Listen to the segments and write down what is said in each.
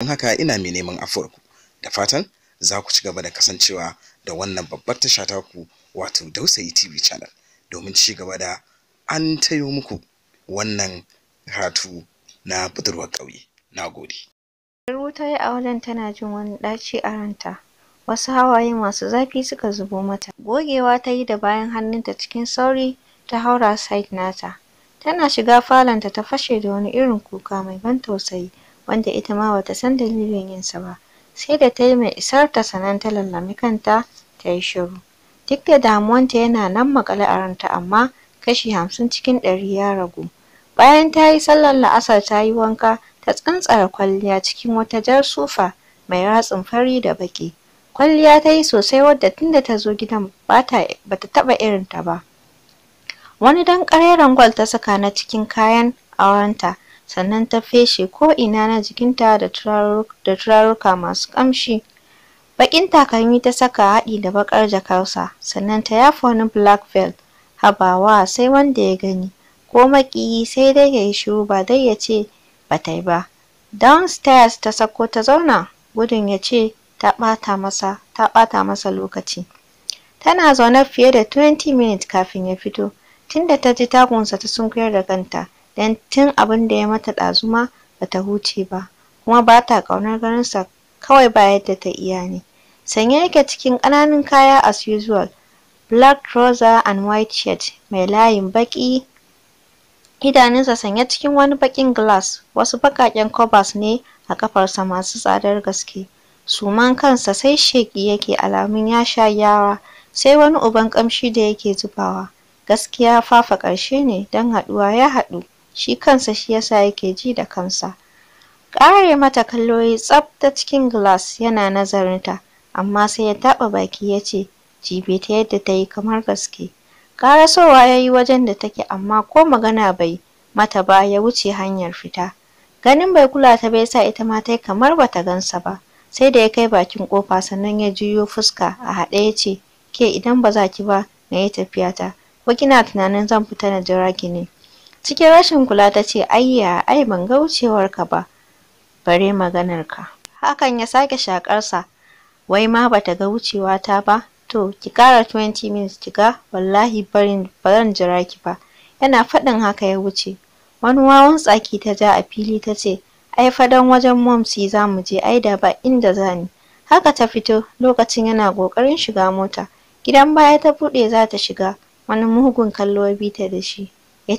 don haka ina mai neman afurku da fatan za ku ci gaba da kasancewa da wannan babbar tasha ku wato dausayi tv channel domin ci gaba da an tayo muku wannan karatu na budurwar ƙauye na gode ta yi a wajen tana jin wani ɗaci a ranta wasu hawaye masu zafi suka zubo mata gogewa ta yi da bayan hannunta cikin sauri ta haura side nata tana shiga falonta ta fashe da wani irin kuka mai ban tausayi wanda ita ma bata san dalilin yinsa ba sai da ta yi mai ta sanan ta lallami kanta ta yi shiru duk da damuwanta yana nan maƙale a ranta amma kashi hamsin cikin ɗari ya ragu bayan ta yi sallar la'asar ta yi wanka ta tsantsara kwalliya cikin wata jar sufa mai ratsin fari da baƙi kwalliya ta yi sosai wadda tunda ta zo gidan bata bata taɓa ta ba wani dan ƙareren gwal ta saka na cikin kayan aurenta sannan ta feshe ina na jikinta da turaruka masu ƙamshi. Baƙin takalmi ta saka haɗi da baƙar jakarsa, sannan ta yafa wani black belt Habawa sai wanda ya gani, ko maƙiyi sai dai ya yi shiru ba dai ya ce ba ta yi ba. Downstairs ta sako ta zauna, gudun ya ce ta ɓata masa, ta ɓata masa lokaci. Tana zaune fiye da 20 minutes kafin ya fito, tunda ta ji tagunsa ta sunkuyar da kanta. don tun abin da ya mata ɗazuma ba bata huce ba kuma bata ƙaunar ganinsa kawai ba yadda ta iya ne sanye yake cikin ƙananan kaya as usual black trouser and white shirt mai layin baƙi idanunsa sanye cikin wani baƙin glass wasu baƙaƙen covers ne a ƙafarsa masu tsadar gaske suman kansa sai sheƙi yake alamun ya sha yawa sai wani uban ƙamshi da yake zubawa gaskiya fafa ƙarshe ne don haɗuwa ya haɗu shi kansa shi yasa yake ji da kansa ƙare mata kalloyi tsaf ta cikin glass yana nazarinta amma sai ya taɓa baki ya ce jibe ta yadda ta yi kamar gaske ƙarasowa ya yi wajen da take amma ko magana bai mata ba ya wuce hanyar fita ganin bai kula ta bai sa ita ma ta yi kamar ta gansa ba sai da ya kai bakin kofa sannan ya juyo fuska a haɗe ya ce ke idan ba za ki ba na yi ta ko kina tunanin zan fita na jira ki ne cikin rashin kula ta ce ayya ai ban ga wucewarka ba bare maganarka hakan ya sake shakarsa wai ma bata ga wucewa ta ba to ki kara 20 minutes ki ga wallahi barin baran jira ki ba yana faɗin haka ya wuce wani wawan tsaki ta ja a fili ta ce ai fadan wajen momsi za mu je ai da ba inda zani haka ta fito lokacin yana ƙoƙarin shiga mota gidan baya ta buɗe za ta shiga wani mugun kallo ya bi ta da shi ya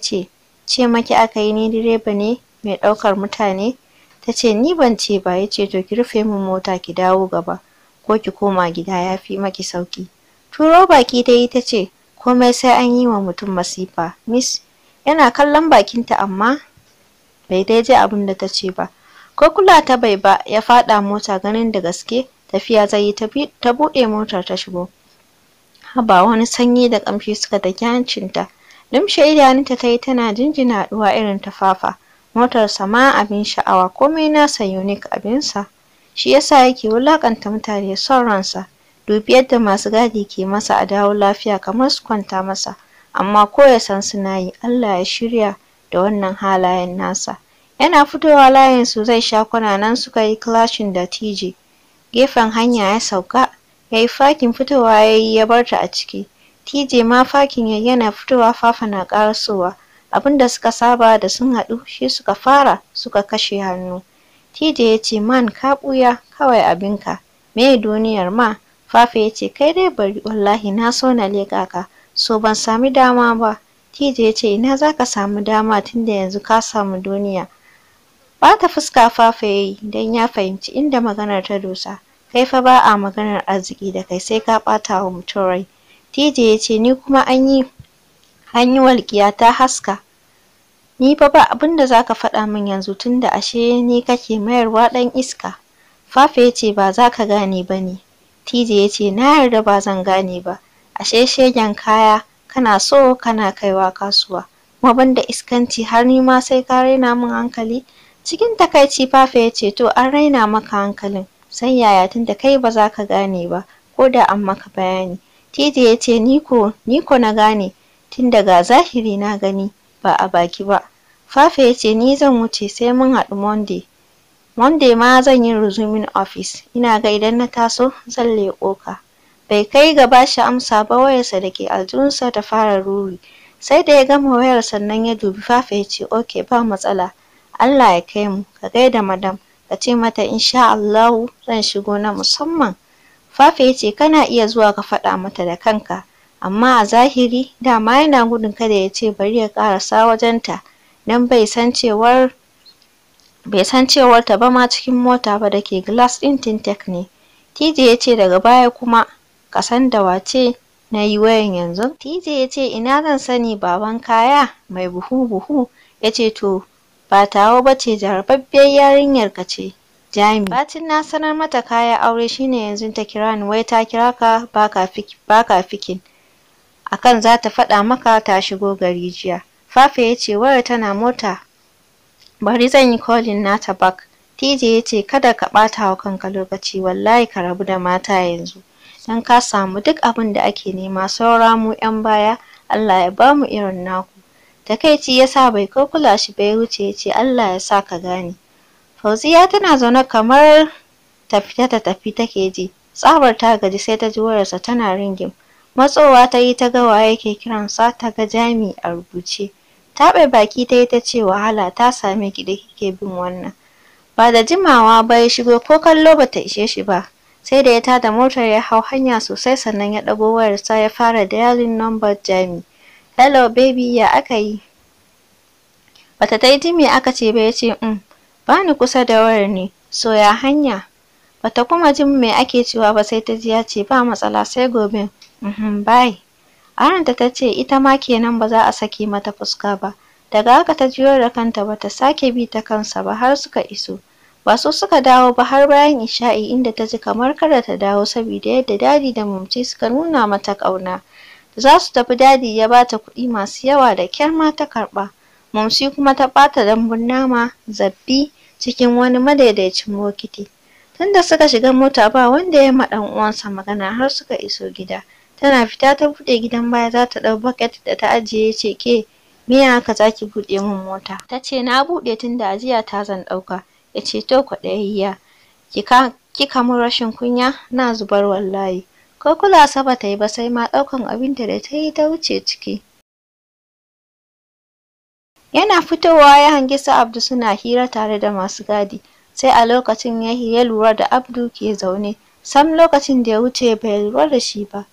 ce maki aka yi ni direba ne mai ɗaukar mutane ta ce ni ban ce ba ya ce to ki rufe min mota ki dawo gaba ko ki koma gida ya fi maki sauki turo baki ta yi ta ce komai sai an yi wa mutum masifa miss yana kallon bakinta amma bai dai ji abin da ta ce ba ko kula ta bai ba ya faɗa mota ganin da gaske tafiya zai yi ta buɗe motar ta shigo haba wani sanyi da ƙamshi suka taki hancinta Lumshe idanunta ta yi tana jinjina haɗuwa irin tafafa. fafa. Motarsa ma abin sha'awa komai nasa unique abinsa. Shi yasa yake wulaƙanta mutane son ransa. Dubi yadda masu gadi ke masa a dawo lafiya kamar su kwanta masa. Amma ko ya san suna yi Allah ya shirya da wannan halayen nasa. Yana fitowa layinsu zai sha kwananan suka yi clashin da TJ. Gefen hanya ya sauka, ya yi fakin fitowa ya yi ya barta a ciki. TJ ma fakin ya yana fitowa Fafa na karasowa. Abinda suka saba da sun haɗu shi suka fara suka kashe hannu. TJ ya ce man ka ɓuya kawai abinka. Me duniyar ma? Fafa ya ce kai dai bari wallahi na so na leƙa ka. So ban sami dama ba. TJ ya ce ina za ka samu dama tunda yanzu ka samu duniya. Bata fuska Fafa ya yi don ya fahimci inda maganar ta dosa. Kai fa ba a maganar arziki da kai sai ka ɓata wa mutum rai. TJ ya ce ni kuma an yi hanyar walƙiya ta haska. Ni fa ba abin da za ka faɗa min yanzu tun da ashe ni kake mayarwa ɗan iska. Fafe ya ce ba za ka gane ba ne. TJ ya ce na yarda ba zan gane ba. Ashe shegen kaya kana so kana kaiwa kasuwa. Kuma ban da iskanci har ni ma sai ka raina min hankali. Cikin takaici Fafe ya ce to an raina maka hankalin. Sai yaya tun da kai ba za ka gane ba ko da an maka bayani. Titi ya ce niko niko na gane tun daga zahiri na gani ba a baki ba. Fafe ya ce ni zan wuce sai mun haɗu Monday. Monday ma zan yi resuming ofis. ina ga idan na taso zan leƙo ka. Bai kai ga ba shi amsa ba wayarsa da ke aljihunsa ta fara ruri. Sai da ya gama wayar sannan ya dubi Fafe ya ce ok ba matsala. Allah ya kai mu ka gaida madam ka ce mata insha Allahu zan shigo na musamman. Fafe ya ce kana iya zuwa ka faɗa mata da kanka, amma a zahiri dama yana gudun kada ya ce bari ya ƙarasa wajenta don bai san cewar bai san cewar ta ba ma cikin mota ba da ke glass ɗin tintek ne. TJ ya ce daga baya kuma ka san da wace na yi wayan yanzu. TJ ya ce ina zan sani baban kaya mai buhu buhu ya ce to ba tawa ba ce jarababbiyar yarinyar ka ce Jami. Bacin na sanar mata kaya aure shine yanzu ta kira ni wai ta kira ka baka fikin. Akan za ta faɗa maka ta shigo gari jiya. Fafe ya ce wayar tana mota. Bari zan yi kolin nata bak. TJ ya ce kada ka ɓata wa kanka lokaci wallahi ka rabu da mata yanzu. Don ka samu duk abin da ake nema saura mu 'yan baya Allah ya bamu irin naku. Takaici ya sa bai kokula shi bai wuce ya ce Allah ya sa ka gane. Fauziya tana zaune kamar tafita ta tafi take ji. Tsabar ta gaji sai ta ji wayarsa tana ringin. Matsowa ta yi ta ga waye yake kiransa ta ga Jami a rubuce. bai baki ta yi ta ce wahala ta same ki da kike bin wannan. Ba da jimawa ba ya shigo ko kallo ba ta ishe shi ba. Sai da ya da motar ya hau hanya sosai sannan ya ɗago wayarsa ya fara dialing number Jami. Hello baby ya aka yi? Bata ta yi jimi aka ce ba ya ce mm. bani kusa da wayar ne so ya hanya bata kuma jin me ake cewa ba sai ta ji ya ce ba matsala sai gobe mhm bye aranta ta ce ita ma kenan ba za a sake mata fuska ba daga haka ta jiyo da kanta bata sake bi ta kansa ba har suka iso ba su suka dawo ba har bayan isha'i inda ta ji kamar kada ta dawo saboda yadda dadi da mumci suka nuna mata ƙauna za su tafi dadi ya bata kuɗi masu yawa da kyar ma ta karɓa mumci kuma ta ɓata dambun nama zabbi cikin wani madaidaicin bokiti. Tunda suka shiga mota ba wanda ya ma ɗan uwansa magana har suka iso gida. Tana fita ta buɗe gidan baya za ta ɗau bucket da ta ajiye ce ke miya haka za ki buɗe min mota. Ta ce na buɗe tun da ajiya ta zan ɗauka. Ya ce to kwaɗayayya. Kika ki mun rashin kunya na zubar wallahi. Ko kula sa ta yi ba sai ma ɗaukan abinta da ta yi ta wuce ciki. Yana fitowa ya hangi su Abdu suna hira tare da masu gadi, sai a lokacin ya lura da Abdu ke zaune, sam lokacin da ya wuce bai lura da shi ba.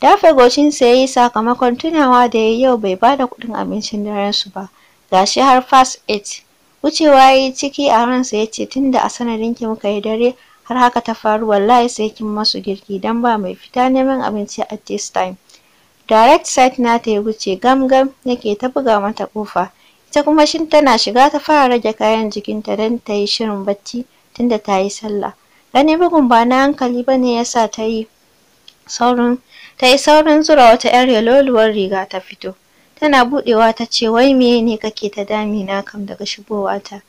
Dafe goshinsa ya yi sakamakon tunawa da yayi yau bai bada kuɗin abincin su ba, gashi har fast eight. Wucewa ya ciki a ransa ya ce tun da a ki muka yi dare har haka ta faru wallahi sai kin masu girki dan ba mai fita neman abinci at this time. Direct site nata ya wuce gamgam gam yake ta buga mata ƙofa. Ita kuma Shin tana shiga ta fara rage kayan jikinta don ta yi shirin bacci tunda ta yi sallah. gani bugun ba na hankali ba ne ya sa ta yi saurin ta yi saurin zura wata 'yar yaloluwar riga ta fito. Tana buɗewa ta ce wai meye ne kake ta damina kam daga shigowata.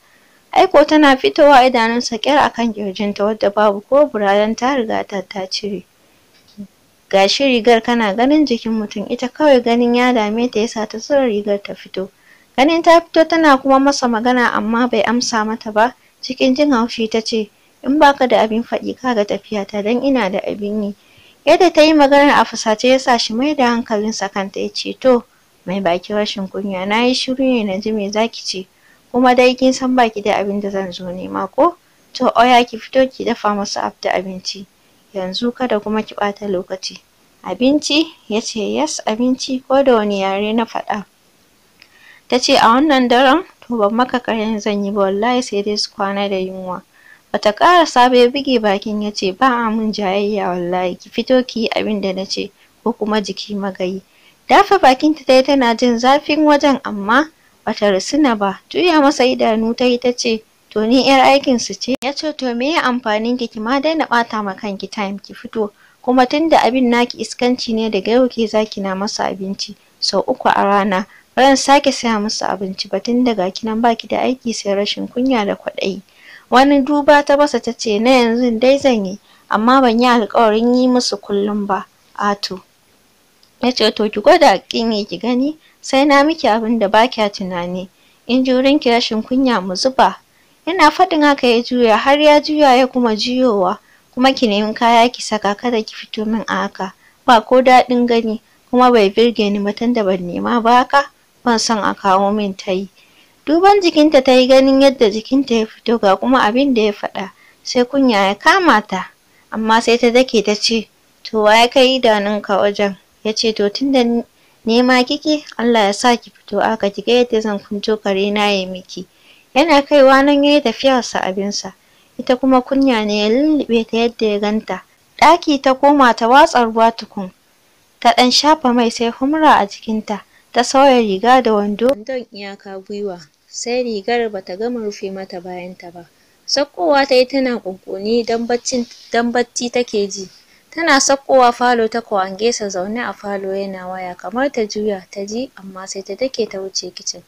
Aiko tana fitowa idanunsa ƙyar a kan ƙirjinta wadda babu ko buraren ta riga ta ta cire. Ga shi rigar kana ganin jikin mutum ita kawai ganin ya dame ta yasa ta zura rigar ta fito. Ganin ta fito tana kuma masa magana amma bai amsa mata ba, cikin jin haushi ta ce, In baka da abin faɗi kaga tafiyata don ina da abin yi. Yadda ta yi maganar a fusace ya sa shi mai da hankalinsa kanta ya ce, To, mai baki rashin kunya, na yi shiru ne na ji me zaki ce, kuma dai kin san baki da abin da zan zo nema ko? To, oya ki fito ki dafa masu abda abinci, yanzu kada kuma ki ɓata lokaci. Abinci? Ya ce, Yes, abinci, ko da wani yare na faɗa. ta ce a wannan daren to ban maka karyan zan yi ba wallahi sai dai su kwana da yunwa bata ƙara sabo ya buge bakin ya ce ba a mun jayayya wallahi ki fito ki yi abin da na ce ko kuma jiki magayi dafa bakinta ta yi tana jin zafin wajen amma bata na ba juya masa idanu ta yi ta ce to ni yar aikin su ce ya ce to me ya amfanin ki ma daina ɓata ma kanki time ki fito kuma tunda abin naki iskanci ne daga yau ke zaki na masa abinci sau uku a rana ran sake saya musu abinci ba tun daga ki nan baki da aiki sai rashin kunya da kwaɗayi. Wani duba ta basa ta ce na yanzu dai zan yi, amma ban yi alƙawarin yi musu kullum ba, Ato. Ya ce to ki gwada kin yi ki gani, sai na miki abin da ba tunani. In ki rashin kunya mu zuba. Ina faɗin haka ya juya har ya juya ya kuma juyowa, kuma ki nemi kaya ki saka kada ki fito min a haka. Ba ko daɗin gani, kuma bai birge ni ba da ban nema ba haka. ban son a kawo min ta yi duban jikinta ta yi ganin yadda jikinta ya fito ga kuma abin da ya faɗa sai kunya ya kama ta amma sai ta dake ta ce to wa ya kai idanunka wajen ya ce to tunda nema kike Allah ya sa ki fito aka ki yadda zan kunto kare na ya miki yana kaiwa nan yayi tafiyarsa abinsa ita kuma kunya ne ya lullube ta yadda ya ganta ɗaki ta koma ta watsa ruwa tukun ta ɗan shafa mai sai humra a jikinta ta sauya riga da wando don iyaka gwiwa sai rigar bata gama rufe mata bayanta ba sakkowa ta yi tana kunkuni don bacci take ji tana sakkowa falo ta kwangesa zaune a falo yana waya kamar ta juya ta ji amma sai ta take ta wuce kicin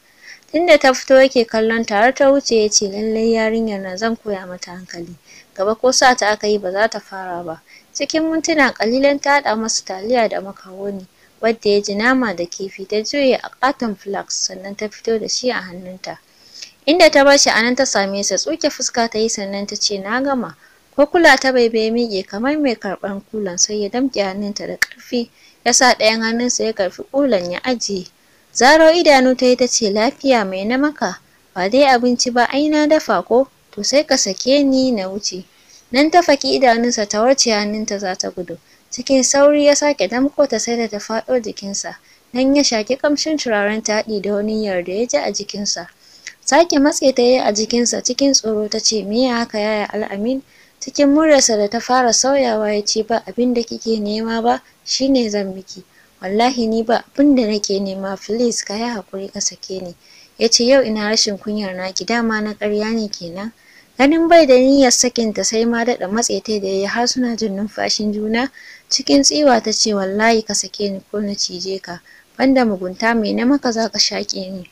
tunda ta fito yake kallon ta har ta wuce ya ce lallai yarinyar nan zan koya mata hankali gaba ko sa ta aka yi ba za ta fara ba cikin mintuna ƙalilan ta haɗa masa taliya da makaroni wadda ya ji nama da kifi ta juye a ƙaton flask sannan ta fito da shi a hannunta inda ta bar shi a nan ta same sa tsuke fuska ta yi sannan ta ce na gama ko kula ta bai bai miƙe kamar mai karɓan kulan sai ya damƙe hannunta da ƙarfi ya sa ɗayan hannunsa ya karfi kulan ya ajiye zaro idanu ta yi ta ce lafiya mai na maka ba dai abinci ba ai na dafa ko to sai ka sake ni na wuce nan ta faki idanunsa ta warce hannunta za ta gudu cikin sauri ya sake damƙo ta sai da ta faɗo jikinsa nan ya shaki ƙamshin turaren taɗi da wani yarda ya ji a jikinsa sake matse ta yi a jikinsa cikin tsoro ta ce me haka yaya al'amin cikin muryarsa da ta fara sauyawa ya ce ba abin da kike nema ba shine zan miki wallahi ni ba abin da nake nema please ka yi haƙuri ka sake ni ya ce yau ina rashin kunyar naki dama na karya ne kenan Ganin bai da niyyar sakin ta sai ma daɗa matse ta da yayi har suna jin numfashin juna cikin tsiwa ta ce wallahi ka sake ni ko na cije ka banda mugunta mai na maka za ka shaƙe ni.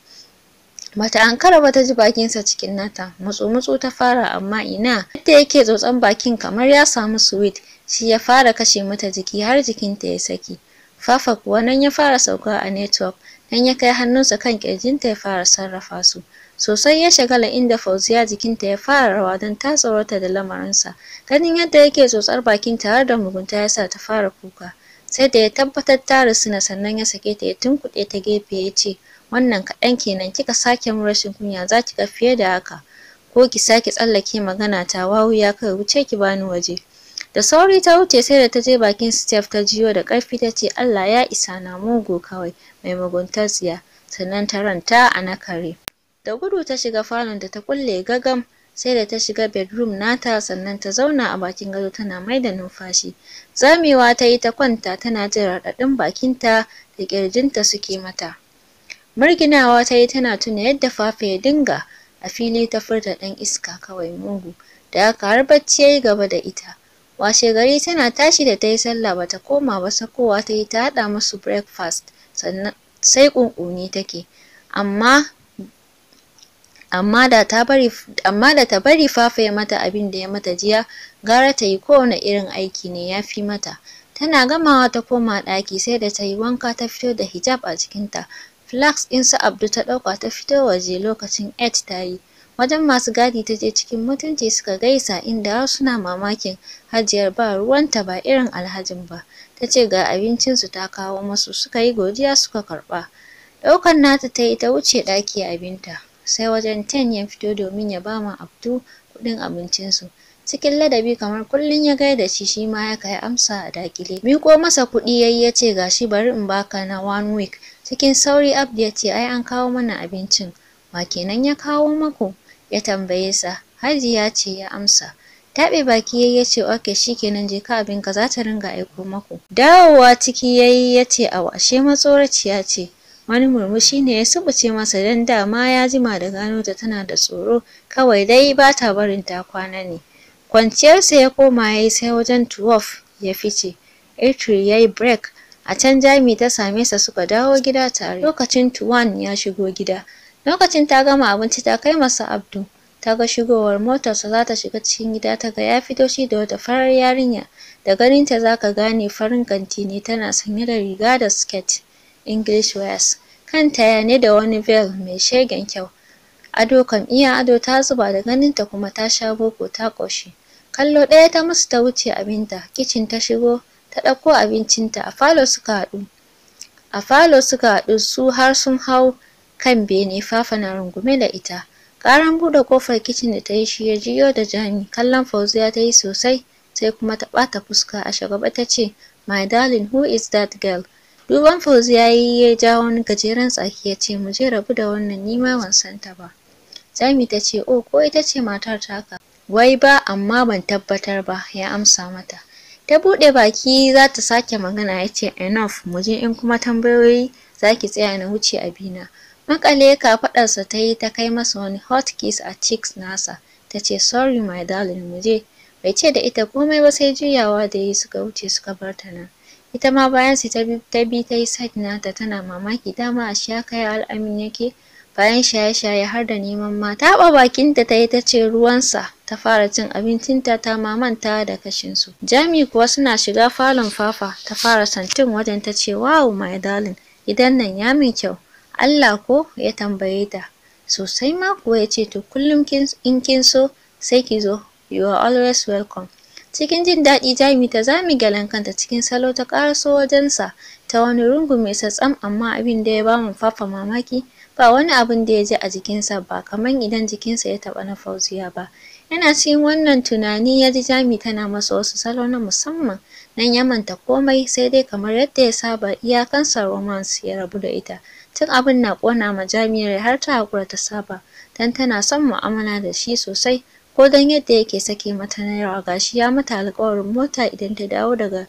Bata ankara ba ta ji bakinsa cikin nata, mutsu-mutsu ta fara amma ina, yadda yake tsotson bakin kamar ya samu sweet, shi ya fara kashe mata jiki har jikinta ya saki. Fafa kuwa nan ya fara sauka a network, nan ya kai hannunsa kan kirjinta ya fara sarrafa su. Sosai ya shagala inda Fauziya jikinta ya fara rawa don ta tsorata da lamarinsa. Ganin yadda yake tsotsar bakin tare da mugunta ya sa ta fara kuka. Sai da ya tabbatar ta rusuna sannan ya sake ta ya tunkuɗe ta gefe ya ce, Wannan kaɗan kenan kika sake mu rashin kunya za ki ga fiye da haka. Ko ki sake tsallake magana ta wawu ya kai wuce ki bani waje. Da sauri ta wuce sai da ta je bakin Steph ta jiyo da ƙarfi ta ce Allah ya isa na mugu kawai mai muguntar tsiya sannan ta ranta a nakare. Da gudu ta shiga falon da ta kulle gagam sai da ta shiga bedroom nata sannan ta zauna a bakin gado tana mai da numfashi. Zamewa ta yi ta kwanta tana jin raɗaɗin bakinta da ƙirjinta suke mata. Murginawa ta yi tana tuna yadda fafe ya dinga a fili ta furta ɗan iska kawai mugu da aka har bacci ya gaba da ita. Washe gari tana tashi da tayi sallah ba ta koma ba sakowa ta yi ta haɗa musu breakfast sannan sai ƙunƙuni take. Amma amma da ta bari amma da fafaye mata abin da ya mata jiya gara ta yi kowane irin aiki ne ya fi mata tana gamawa ta koma ɗaki sai da ta yi wanka ta fito da hijab a cikinta. flax ɗin su abdu ta ɗauka ta fito waje lokacin et ta yi wajen masu gadi ta je cikin mutunci suka gaisa inda suna mamakin hajiyar ba ruwanta ba irin alhajin ba ta ce ga abincinsu ta kawo masu suka yi godiya suka karɓa ɗaukar nata ta yi ta wuce ɗaki abinta sai wajen ten ya fito domin ya ba ma Abdu kuɗin abincinsu. Cikin ladabi kamar kullum ya gaida shi shi ma ya kai amsa a dakile. Miƙo masa kuɗi yayi ya ce shi bari in baka na one week. Cikin sauri Abdu ya ce ai an kawo mana abincin. Wa kenan ya kawo maku? Ya tambaye sa. ya ce ya amsa. Taɓe baki yayi ya ce oke shikenan je ka abinka za ta ringa aiko maku. Dawowa ciki yayi ya ce a washe matsoraciya ce. Wani murmushi ne ya subuce masa don dama ya jima da gano ta tana da tsoro, kawai dai ba ta barin ta kwana ne. Kwanciyarsa ya koma ya yi sai wajen tuwaf ya fice. Atri ya yi break, a can Jami ta same sa suka dawo gida tare. Lokacin Tuwan ya shigo gida. Lokacin ta gama abinci ta kai masa Abdu. Ta ga shigowar motarsa za ta shiga cikin gida ta ga ya fito shi da wata farar yarinya. Da ganinta za ka gane farin kanti ne tana sanye da riga da siket. English wares. Kanta ya ne da wani veil mai shegen kyau. Ado kam iya ado ta zuba da ganinta kuma ta sha boko ta ƙoshi. Kallo ɗaya ta musu ta wuce abinta, kicin ta shigo, ta ɗauko abincinta, a falo suka haɗu. A falo suka haɗu su har sun hau kan bene fafa na rungume da ita. Karan buɗe kofar kicin da ta yi shi ya jiyo da Jami, kallon Fauziya ta yi sosai, sai kuma ta ɓata fuska a shagaba ta ce, My darling, who is that girl? Duban Fauzi ya yi ya ja wani gajeren tsaki ya ce, mu rabu da wannan ni ma ban ta ba. Jami ta ce, oh ko ita ce matar taka. Wai ba amma ban tabbatar ba ya amsa mata. Ta buɗe baki za ta sake magana ya ce, enough muje in kuma tambayoyi za ki tsaya na wuce abina. Makale kafaɗarsa ta yi ta kai masa wani hot kiss a cheeks nasa. Ta ce, sorry my darling mu je. Bai ce da ita komai ba sai juyawa da yi suka wuce suka bar ta nan. ita ma bayan su ta bi ta yi side nata tana mamaki dama a sha kai al'amin yake bayan shaye-shaye har da neman mata taɓa bakinta ta yi ta ce ruwansa ta fara cin abincinta ta mamanta da kashinsu jami kuwa suna shiga falon fafa ta fara santin wajen ta ce wow my darling idan nan ya min kyau allah ko ya tambaye ta sosai ma kuwa ya ce to kullum in kin so sai ki zo you are always welcome Cikin jin daɗi Jami ta zami gyalen kanta cikin salo ta ƙaraso wajensa ta wani rungu mai satsam amma abin da ya ba mu fafa mamaki ba wani abin da ya je a jikinsa ba kamar idan jikinsa ya taɓa na Fauziya ba. Yana cikin wannan tunani ya ji Jami tana masa wasu salo na musamman nan ya manta komai sai dai kamar yadda ya saba iyakansa romance ya rabu da ita. Tun abin na ƙona ma Jami har ta haƙura ta saba don tana son mu'amala da shi sosai ko don yadda yake sake mata naira gashi ya mata alƙawarin mota idan ta dawo daga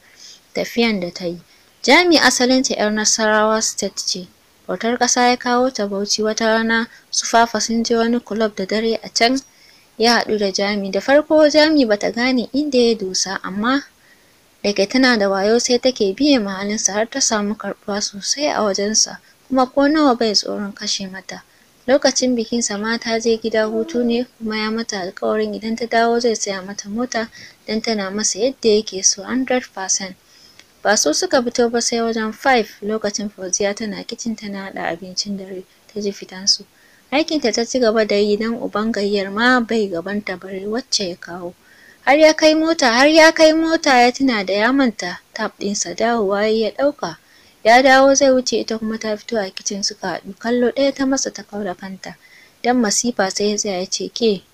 tafiyan da ta yi jami ta 'yar nasarawa state ce bautar ƙasa ya kawo ta bauchi wata rana su fafa sun je wani kulob da dare a can ya haɗu da jami da farko jami bata gane inda ya dosa amma daga tana da wayo sai take biye mahalinsa har ta samu karɓuwa sosai a wajensa kuma ko nawa bai tsoron kashe mata Lokacin bikin sa mata je gida hutu ne kuma ya mata alƙawarin idan ta dawo zai saya mata mota don tana masa yadda yake so 100%. Ba su suka fito ba sai wajen five. lokacin Fauziya tana kicin tana haɗa abincin dare ta ji fitan su. Aikinta ta ci gaba da yi don uban gayyar ma bai gabanta bari wacce ya kawo. Har ya kai mota, har ya kai mota ya tuna da ya manta tab ɗinsa dawowa ya ɗauka. ya dawo zai wuce ita kuma ta fito a kicin suka haɗu kallo ɗaya ta masa ta kaura kanta dan masifa sai ya tsaya ya ce ke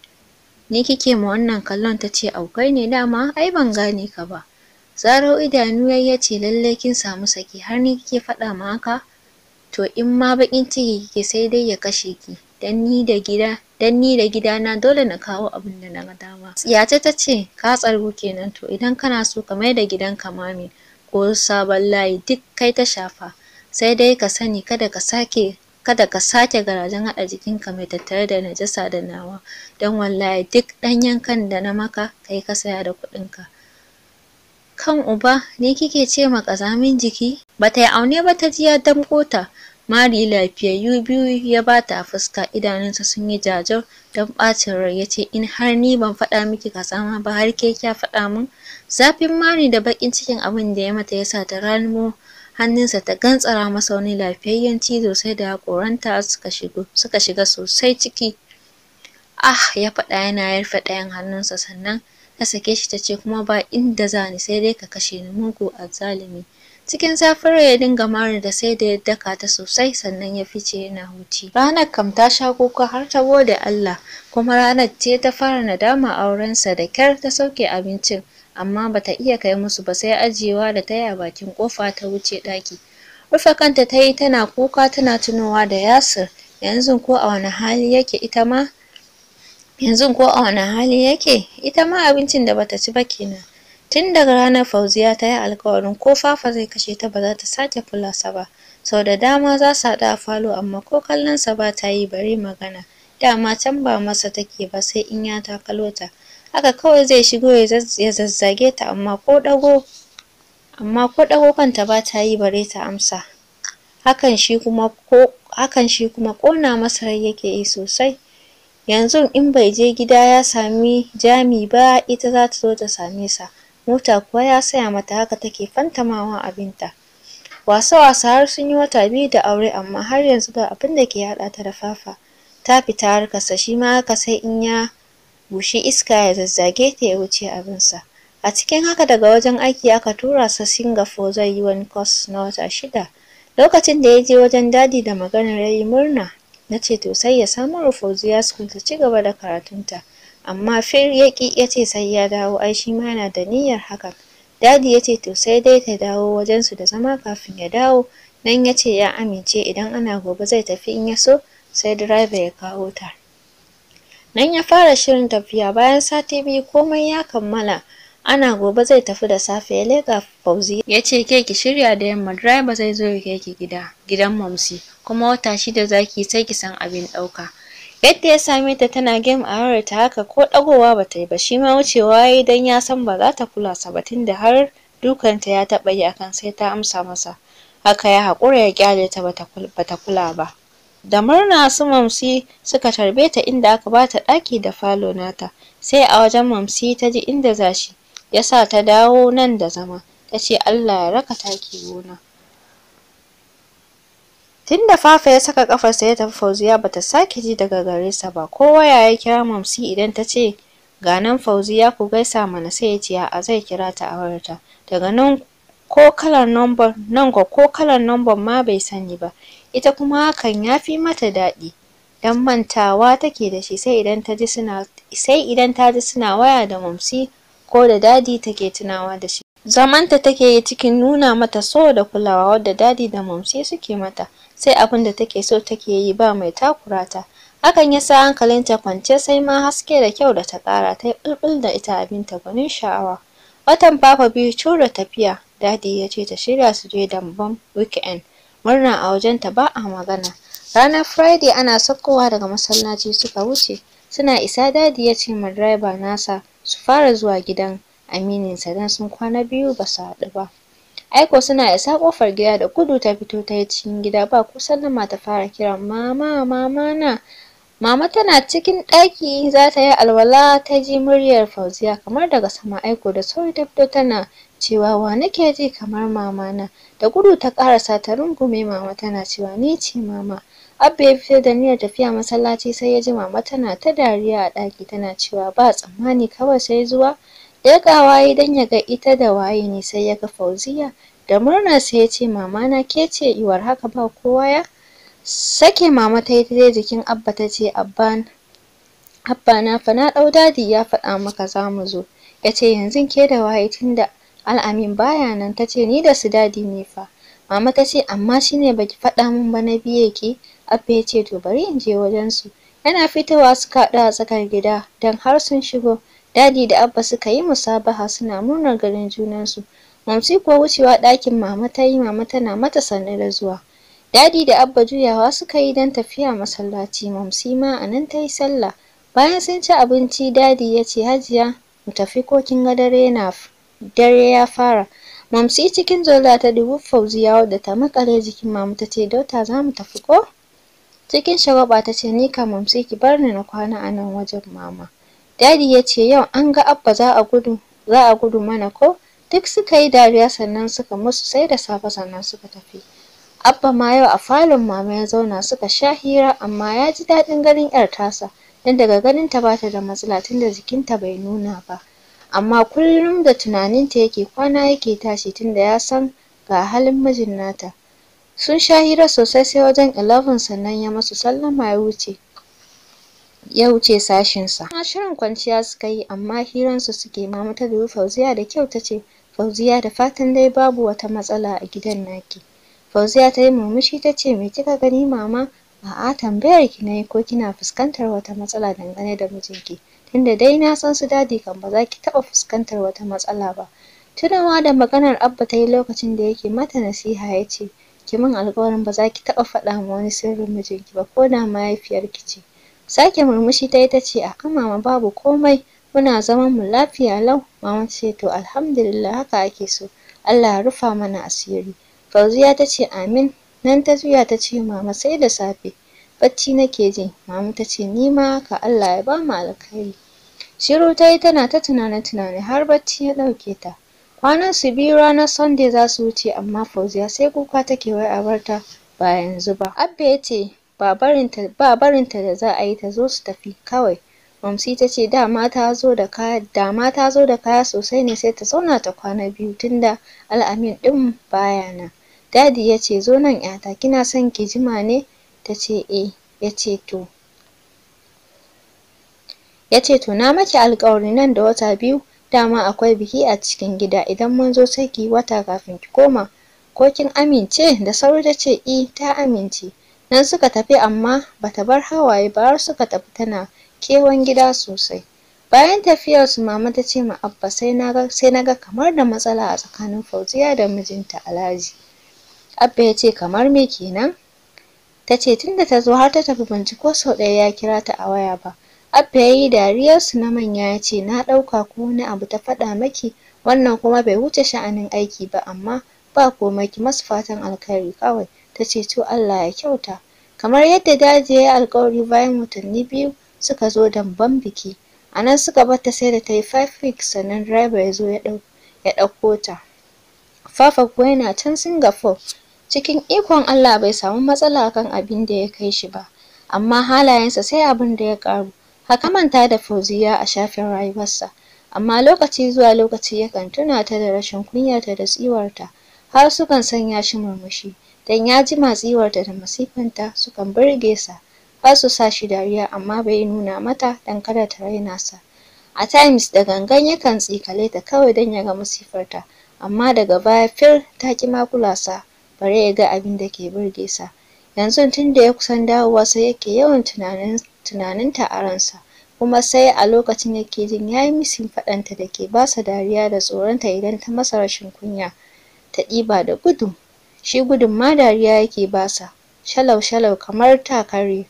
ni kike ma wannan kallon ta ce aukai ne dama ai ban gane ka ba "Zaro idanu yayi ya ce lallai kin samu saki har ni kike faɗa ma haka to in ma baƙin ciki kike sai dai ya kashe ki dan ni da gida dan ni da gidana dole na kawo abin da na ga dama. ce ta ce ka tsargo kenan to idan kana so ka mai da gidanka me ko sabon layi duk kai ta shafa sai dai ka sani kada ka sake kada ka sake garajen haɗa jikin ka mai tattare da najasa da nawa don wallahi duk ɗanyen kan da na maka kai ka saya da ka kan uba ni kike ce ma ƙazamin jiki Ba ta yi aune ba ta ji ya damƙo ta mari lafiyayyu biyu ya bata a fuska idanunsa sun yi jajir don ɓacin rai ya ce in har ni ban faɗa miki ƙazama ba har ke kya faɗa min Zafin mari da bakin cikin abin da ya mata yasa sa ta ralumo hannunsa ta gantsara masa wani lafiyayyen cizo sai da haƙoranta suka shigo suka shiga sosai ciki. Ah ya faɗa yana yarfe ɗayan hannunsa sannan ta sake shi ta ce kuma ba inda za ni sai dai ka kashe ni mugu a zalumi Cikin safar ya dinga mari da sai da ya daka ta sosai sannan ya fice yana huci. Ranar kam ta sha kuka har ta gode Allah kuma ranar ce ta fara nadama aurensa da kyar ta sauke abincin. amma bata iya kai musu ba sai ajiyewa da tayi a bakin kofa ta wuce daki rufe kanta ta yi tana kuka tana tunowa da Yasir yanzu ko a wani hali yake ita ma yanzu ko a wani hali yake ita ma abincin da bata ci ba kenan tun daga ranar Fauziya ta yi alkawarin ko Fafa zai kashe ta ba za ta sake fulasa ba sau da dama za su haɗu a falo amma ko kallon sa ba ta yi bari magana dama can ba masa take ba sai in ya takalo ta haka kawai zai shigo ya zazzage ta amma ko ɗago amma ko dago kanta ba ta yi bare ta amsa hakan shi kuma ko hakan shi kuma kona masa rai yake yi sosai yanzu in bai je gida ya sami jami ba ita za ta zo ta same sa mota kuwa ya saya mata haka take fantamawa abinta wasa-wasa har sun yi wata biyu da aure amma har yanzu ba abin da ke haɗa ta da fafa ta fita harkarsa shi ma haka sai in ya bushi iska ya zazzage ta ya wuce abinsa a cikin haka daga wajen aiki aka tura sa singapore zai yi wani kwas na wata shida lokacin da ya je wajen dadi da maganar ya yi murna na ce to sai ya samu rufoziya school ta ci gaba da karatunta amma fir ya ƙi ce sai ya dawo ai shi ma yana da niyyar hakan dadi yace to sai dai ta dawo wajen su da zama kafin ya dawo nan ya ce ya amince idan ana gobe zai tafi in ya so sai direba ya kawo ta Nan ya fara shirin tafiya bayan sati biyu komai ya kammala. Ana gobe zai tafi da safe ya leƙa Fauzi ya ce ke ki shirya da yamma driver zai zo ya kai ki gida gidan Mamsi kuma wata shida zaki sai ki san abin ɗauka. Yadda ya same ta tana game a ta haka ko ɗagowa ba ta yi ba shi ma wucewa ya yi don ya san ba za ta kula sa ba tunda har dukanta ya taɓa yi akan sai ta amsa masa. Haka ya haƙura ya ƙyale ta ba ta kula ba. Da murna su Mamsi suka tarbe ta inda aka ba ta ɗaki da falo nata. Sai a wajen Mamsi ta ji inda za shi, ya sa ta dawo nan da zama. Ta ce Allah ya raka taki gona. Tun da Fafa ya saka ƙafarsa ya tafi Fauziya ba ta sake ji daga gare sa ba. Kowa ya ya kira Mamsi idan ta ce ga Fauziya ku gaisa mana sai ya ce a'a zai kira ta a wayarta. Daga nan ko kalar number ko kalar number ma bai sani ba. ita kuma hakan ya fi mata daɗi don mantawa take da shi sai idan ta ji suna waya da mamsi ko da dadi take tunawa da shi zamanta take yi cikin nuna mata so da kulawa wadda dadi da mamsi suke mata sai abin da take so take yi ba mai takura ta hakan ya sa hankalinta kwance sai ma haske da kyau da ta ƙara ta yi ɓulɓul da ita abinta gwanin sha'awa watan fafa biyu cura tafiya dadi ya ce ta shirya su je dambam weekend murna a wajenta ba a magana ranar friday ana saukowa daga masallaci suka wuce suna isa dadi ya ce ma driver nasa su fara zuwa gidan amininsa don sun kwana biyu ba su haɗu ba aiko suna isa kofar gida da gudu ta fito ta yi cikin gida ba ku sallama ta fara kiran mama mama na Mama tana cikin ɗaki za ta yi alwala ta ji muryar Fauziya kamar daga sama aiko da sauri ta fito tana cewa wa nake ji kamar mama na da gudu ta karasa ta rungume mama tana cewa ni ce mama abba ya fito da niyyar tafiya masallaci sai ya ji mama tana ta dariya a ɗaki tana cewa ba tsammani kawai sai zuwa ga waye don ya ga ita da waye ne sai ya ga fauziya da murna sai ya ce mama na ke ce iwar haka ba kowa ya sake mama ta yi dai jikin abba ta ce abba abba na fa na ɗau dadi ya faɗa maka za mu zo ya ce yanzu ke da waye tunda Al'amin baya nan ta ce ni da su dadi ne fa. Mama ta ce amma shi ne baki faɗa min ba na biye ki. Abba ya ce to bari in je wajen su. Yana fitowa suka haɗu a tsakar gida don har sun shigo. Dadi da Abba suka yi musabaha suna murnar junan junansu. Mamsi ko wucewa ɗakin mama ta yi mama tana mata sanne da zuwa. Dadi da Abba juyawa suka yi don tafiya masallaci Mamsi ma a nan ta yi sallah. Bayan sun ci abinci Dadi ya ce Hajiya mu tafi ko kin ga na dare ya fara mamsi cikin zola ta dubu fauziya wadda ta makale jikin mamu ta ce dauta za mu tafi ko cikin shagwaba ta ce ni ka mamsi ki bar ni na kwana a nan wajen mama dadi ya ce yau an ga abba za a gudu za a gudu mana ko duk suka yi dariya sannan suka musu sai da safe sannan suka tafi abba ma yau a falon mama ya zauna suka sha hira amma ya ji daɗin ganin 'yar tasa dan daga ganin ta bata da matsala tunda jikinta bai nuna ba amma kullum da tunaninta yake kwana yake tashi tunda ya san ga halin mijin nata sun sha hira sosai sai wajen 11 sannan ya masu sallama ya wuce ya wuce sashinsa na shirin kwanciya suka yi amma su suke ma ta biyu fauziya da kyau tace fauziya da fatan dai babu wata matsala a gidan naki fauziya ta yi murmushi ta ce me kika gani mama a'a tambayar ki ne ko kina fuskantar wata matsala dangane da mijinki tunda dai na san su dadi kan ba za ki taɓa fuskantar wata matsala ba. Tunawa da maganar Abba ta yi lokacin da yake mata nasiha ya ce, ki min alƙawarin ba za ki taɓa faɗa ma wani sirrin mijinki ba ko da mahaifiyarki ce. Sake murmushi ta yi ta ce, a'a mama babu komai, muna zaman mu lafiya lau. Mama ce, to alhamdulillah haka ake so, Allah ya rufa mana asiri. Fauziya ta ce, amin. Nan ta juya ta ce, mama sai da safe. bacci nake ji mama ta ce ni ma ka Allah ya bamu alkhairi shiru ta tana ta tunane tunane har bacci ya dauke ta kwanan su biyu ranar sunday za su wuce amma fauziya sai kuka take wai a barta ba yanzu ba abba ya ce ba barinta da za a yi ta zo su tafi kawai Mamsi ta ce dama ta zo da kaya dama ta zo da kaya sosai ne sai ta zauna ta kwana biyu tunda al'amin din baya nan. Dadi ya ce zo nan 'yata kina son ki jima ne tace eh ya to yace to na maki alƙawari nan da wata biyu dama akwai biki a cikin gida idan mun zo sai ki wata kafin ki koma ko kin amince da sauri tace ce eh, ta amince nan suka tafi amma bata bar hawaye ba har suka tafi tana kewan gida sosai bayan tafiyar su mama tace ma abba sai na ga sai na ga kamar da matsala a tsakanin fauziya da mijinta alhaji abba yace kamar me kenan ta ce da ta zo har ta tafi binciko sau ɗaya ya kira ta a waya ba abba ya yi dariyarsu na manya ya ce na ɗauka ko wani abu ta faɗa maki wannan kuma bai wuce sha'anin aiki ba amma ba komai ki masu fatan alkhairi kawai ta ce to Allah ya kyauta kamar yadda daji ya yi alkawari bayan watanni biyu suka zo ban biki a nan suka barta sai da ta yi five weeks sannan driver ya zo ya ɗauko ta Fafa kuwa yana can Singapore cikin ikon Allah bai samu matsala kan abin da ya kai shi ba amma halayensa sai abin da ya ƙaru haka manta da Fauziya a shafin rayuwarsa amma lokaci zuwa lokaci yakan tuna ta da rashin kunyarta da tsiwarta har sukan sanya shi murmushi dan ya ji matsiwarta da masifanta sukan burge sa ba su sa shi dariya amma bai nuna mata dan kada ta raina sa a times da gangan yakan tsikale ta kawai dan ya ga masifarta amma daga baya fir ta ki ma sa bare ya ga abin da ke burge sa yanzu tun da ya kusan dawowa sai yake yawan tunanin tunaninta a ransa kuma sai a lokacin yake jin yayi misin faɗanta da ke basa dariya da tsoronta idan ta masa rashin kunya ta ɗiba da gudu shi gudun ma dariya yake basa shalau-shalau kamar ta kare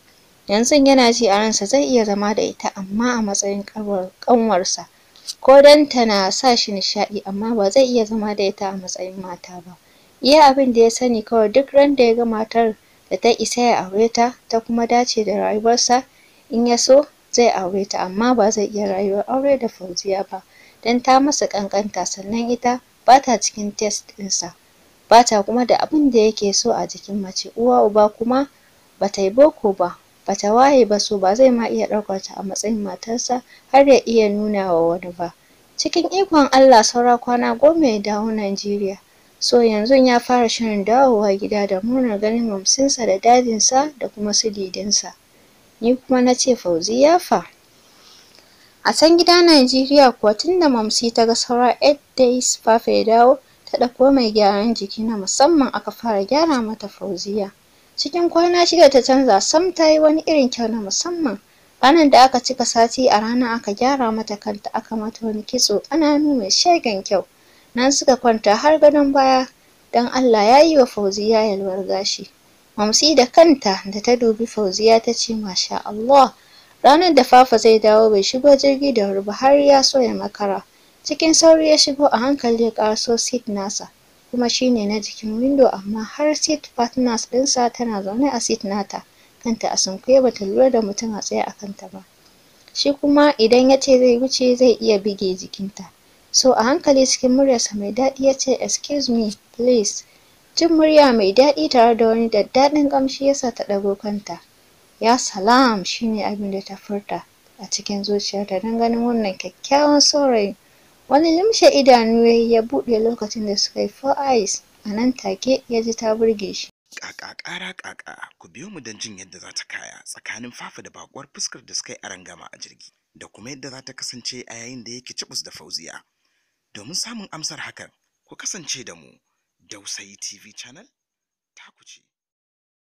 yanzu yana ji a ransa zai iya zama da ita amma a matsayin ƙanwarsa ko don tana sa shi nishaɗi amma ba zai iya zama da ita a matsayin mata ba iya abin da ya sani kawai duk ran da ya ga matar da ta isa ya aure ta ta kuma dace da rayuwarsa in ya so zai aure ta amma ba zai iya rayuwar aure da Fauziya ba don ta masa ƙanƙanta sannan ita ba ta cikin test ɗinsa ba ta kuma da abin da yake so a jikin mace uwa uba kuma ba ta yi boko ba ba ta waye ba so ba zai ma iya ɗaukar ta a matsayin matarsa har ya iya nuna wa wani ba cikin ikon Allah saura kwana goma ya dawo Najeriya so yanzu ya fara shirin dawowa gida da murnar ganin mamsinsa da dadinsa da kuma su didinsa ni kuma na ce fauzi ya fa a can gida najeriya kuwa tun da mamsi ta ga saura 8 days fafe ya dawo ta ɗauko mai gyaran jiki na musamman aka fara gyara mata fauziya cikin kwana shida ta canza sam ta yi wani irin kyau na musamman ranar da aka cika sati a rana aka gyara mata kanta aka mata wani kitso ƙananu mai shagen kyau Nan suka kwanta har gadon baya don Allah ya yi wa Fauziya yalwar gashi. Mamsi da kanta da ta dubi Fauziya ta ce Masha Allah, ranar da Fafa zai dawo bai shigo jirgi da wuri ba har ya so ya makara. Cikin sauri ya shigo a hankali ya karaso seat nasa, kuma shi ne na jikin windo amma har seat partners ɗinsa tana zaune a seat nata, kanta a sunkuye bata ta lura da mutum a tsaye a kanta ba. Shi kuma idan ya ce zai wuce zai iya bige jikinta. So a hankali cikin muryarsa mai daɗi ya ce, Excuse me, please. Jin murya mai daɗi tare da wani daddaɗin ƙamshi yasa ta ɗago kanta. Ya salam shi ne abin da ta furta a cikin zuciyarta don ganin wannan kyakkyawan saurayin. Wani limshe idanu ya ya buɗe lokacin da suka yi four eyes a nan take ya ji ta burge shi. Ƙaƙa ƙara ƙaƙa ku biyo mu don jin yadda za ta kaya tsakanin fafa da baƙuwar fuskar da suka yi arangama a jirgi da kuma yadda za ta kasance a yayin da yake cibus da fauziya. Domin samun amsar hakan, ku kasance da mu, Dausayi TV Channel, taku ce.